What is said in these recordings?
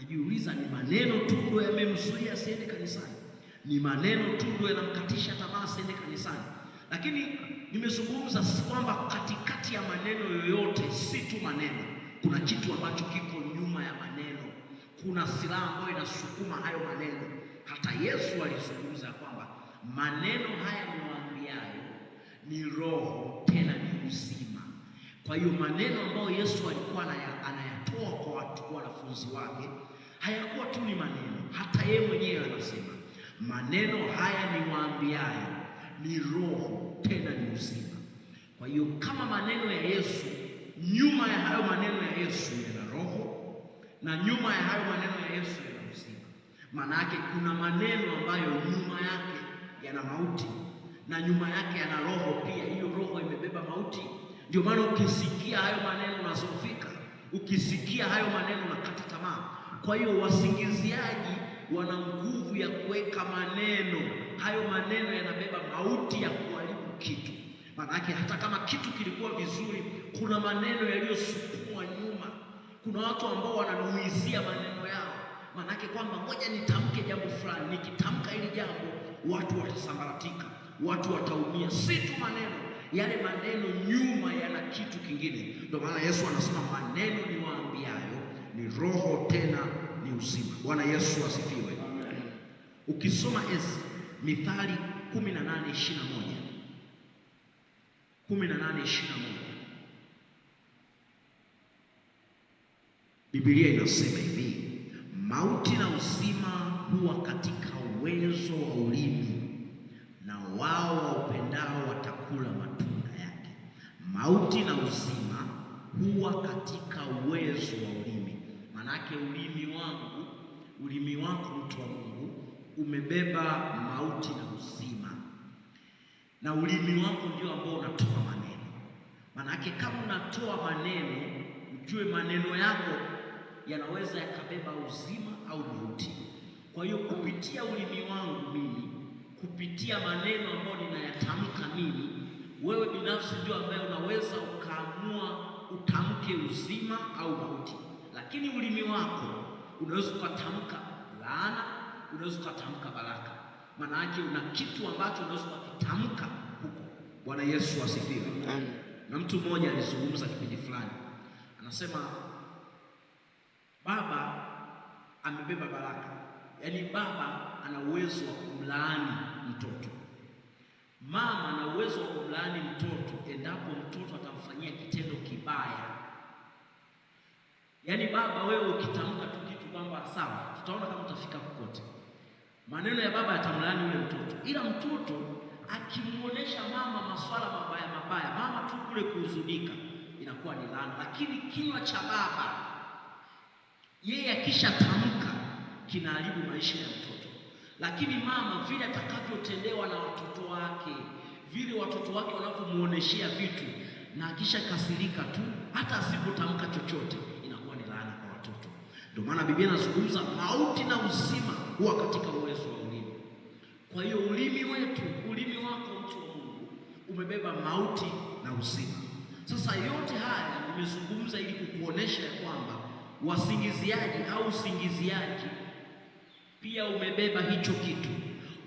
Najiuliza, ni maneno tu ndio yamemzuia asiende kanisani? Ni maneno tu ndio yanamkatisha tamaa asiende kanisani? Lakini nimezungumza kwamba katikati ya maneno yoyote, si tu maneno, kuna kitu ambacho kiko nyuma ya maneno, kuna silaha ambayo inasukuma hayo maneno. Hata Yesu alizungumza kwamba maneno haya niwaambiayo ni roho, tena ni uzima. Kwa hiyo maneno ambayo Yesu alikuwa anaya anayatoa kwa watu wanafunzi wake hayakuwa tu ni maneno, hata yeye mwenyewe anasema maneno haya ni waambiayo ni roho tena ni uzima. Kwa hiyo kama maneno ya Yesu, nyuma ya hayo maneno ya Yesu yana roho na nyuma ya hayo maneno ya Yesu yana uzima. Maana yake kuna maneno ambayo nyuma yake yana mauti na nyuma yake yana roho pia. Hiyo roho imebeba mauti, ndio maana ukisikia hayo maneno unazofika Ukisikia hayo maneno unakata tamaa. Kwa hiyo wasingiziaji wana nguvu ya kuweka maneno. Hayo maneno yanabeba mauti ya kuharibu kitu. yake hata kama kitu kilikuwa vizuri, kuna maneno yaliyosukumwa nyuma. Kuna watu ambao wananuizia maneno yao, yake kwamba ngoja nitamke jambo fulani, nikitamka hili jambo watu watasambaratika, watu wataumia, si tu maneno yale maneno nyuma yana kitu kingine. Ndio maana Yesu anasema maneno niwaambiayo ni roho tena ni uzima. Bwana Yesu asifiwe. Ukisoma ezi Mithali 18:21 18:21 Biblia inasema hivi, mauti na uzima huwa katika uwezo wa ulimi na wao waupendao kula matunda yake. Mauti na uzima huwa katika uwezo wa ulimi. Manake ulimi wangu, ulimi wako mtu wa Mungu umebeba mauti na uzima, na ulimi wako ndio ambao unatoa maneno. Manake kama unatoa maneno, ujue maneno yako yanaweza yakabeba uzima au mauti. Kwa hiyo kupitia ulimi wangu mimi, kupitia maneno ambayo ninayatamka mimi wewe binafsi ndio ambaye unaweza ukaamua utamke uzima au mauti, lakini ulimi wako unaweza ukatamka laana, unaweza ukatamka baraka. Maana yake una kitu ambacho unaweza ukakitamka huko. Bwana Yesu asifiwe. Amen. Na mtu mmoja alizungumza kipindi fulani, anasema baba amebeba baraka, yaani baba ana uwezo wa kumlaani Mama ana uwezo wa kumlaani mtoto endapo mtoto atamfanyia kitendo kibaya. Yaani baba, wewe ukitamka tu kitu kwamba sawa, tutaona kama utafika kokote, maneno ya baba yatamlaani yule mtoto, ila mtoto akimwonyesha mama maswala mabaya mabaya, mama tu kule kuhuzunika, inakuwa ni laana. Lakini kinywa cha baba yeye akishatamka kinaharibu maisha ya mtoto. Lakini mama vile atakavyotendewa na watoto wake, vile watoto wake wanavyomwoneshea vitu, na kisha kasirika tu, hata asipotamka chochote, inakuwa ni laana kwa watoto. Ndio maana Biblia inazungumza mauti na uzima huwa katika uwezo wa ulimi. Kwa hiyo ulimi wetu, ulimi wako, mtu wa Mungu, umebeba mauti na uzima. Sasa yote haya nimezungumza ili kukuonesha ya kwamba wasingiziaji au usingiziaji pia umebeba hicho kitu,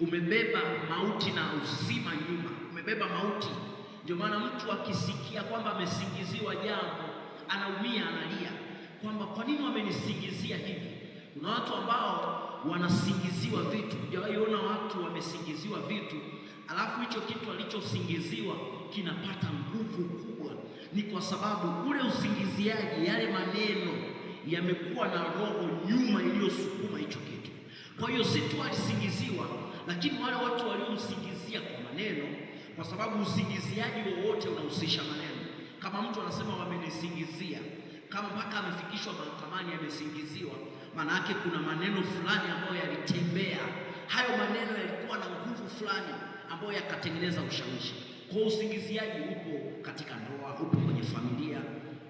umebeba mauti na uzima nyuma, umebeba mauti. Ndio maana mtu akisikia kwamba amesingiziwa jambo anaumia, analia kwamba kwa nini wamenisingizia hivi. Kuna watu ambao wanasingiziwa vitu. Hujawahi ona watu wamesingiziwa vitu alafu hicho kitu alichosingiziwa kinapata nguvu kubwa? Ni kwa sababu ule usingiziaji, yale maneno yamekuwa na roho nyuma iliyosukuma hicho kitu. Kwa hiyo si tu alisingiziwa, lakini wale watu waliomsingizia kwa maneno, kwa sababu usingiziaji wowote unahusisha maneno. Kama mtu anasema wamenisingizia, kama mpaka amefikishwa mahakamani amesingiziwa, maana yake kuna maneno fulani ambayo yalitembea. Hayo maneno yalikuwa na nguvu fulani ambayo yakatengeneza ushawishi. Kwa usingiziaji upo katika ndoa, upo kwenye familia,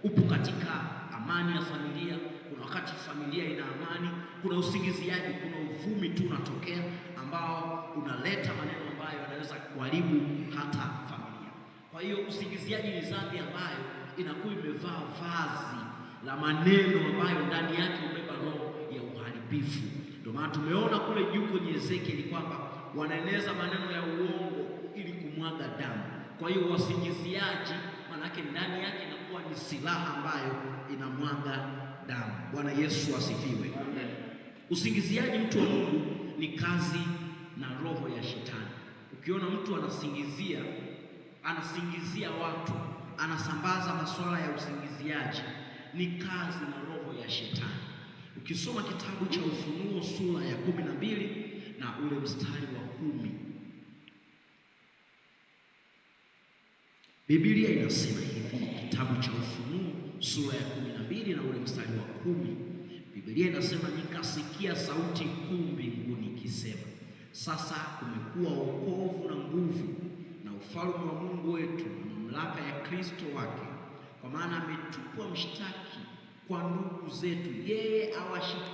upo katika amani ya familia, kuna wakati familia ina amani, kuna usingiziaji, kuna uvumi tu unatokea ambao unaleta maneno ambayo yanaweza kuharibu hata familia. Kwa hiyo usingiziaji ni dhambi ambayo inakuwa imevaa vazi la maneno ambayo ndani yake umebeba roho ya uharibifu. Ndio maana tumeona kule juu kwenye Ezekieli kwamba wanaeneza maneno ya uongo ili kumwaga damu. Kwa hiyo wasingiziaji, maanake ndani yake imekuwa ni silaha ambayo inamwaga damu. Bwana Yesu asifiwe. Usingiziaji mtu wa Mungu ni kazi na roho ya shetani. Ukiona mtu anasingizia, anasingizia watu, anasambaza masuala ya usingiziaji, ni kazi na roho ya shetani. Ukisoma kitabu cha Ufunuo sura ya kumi na mbili na ule mstari wa kumi Biblia inasema kitabu cha Ufunuo sura ya kumi na mbili na ule mstari wa kumi Biblia inasema nikasikia sauti kuu mbinguni ikisema, sasa kumekuwa wokovu na nguvu na ufalme wa Mungu wetu na mamlaka ya Kristo wake, kwa maana ametupwa mshtaki kwa ndugu zetu, yeye awashitaki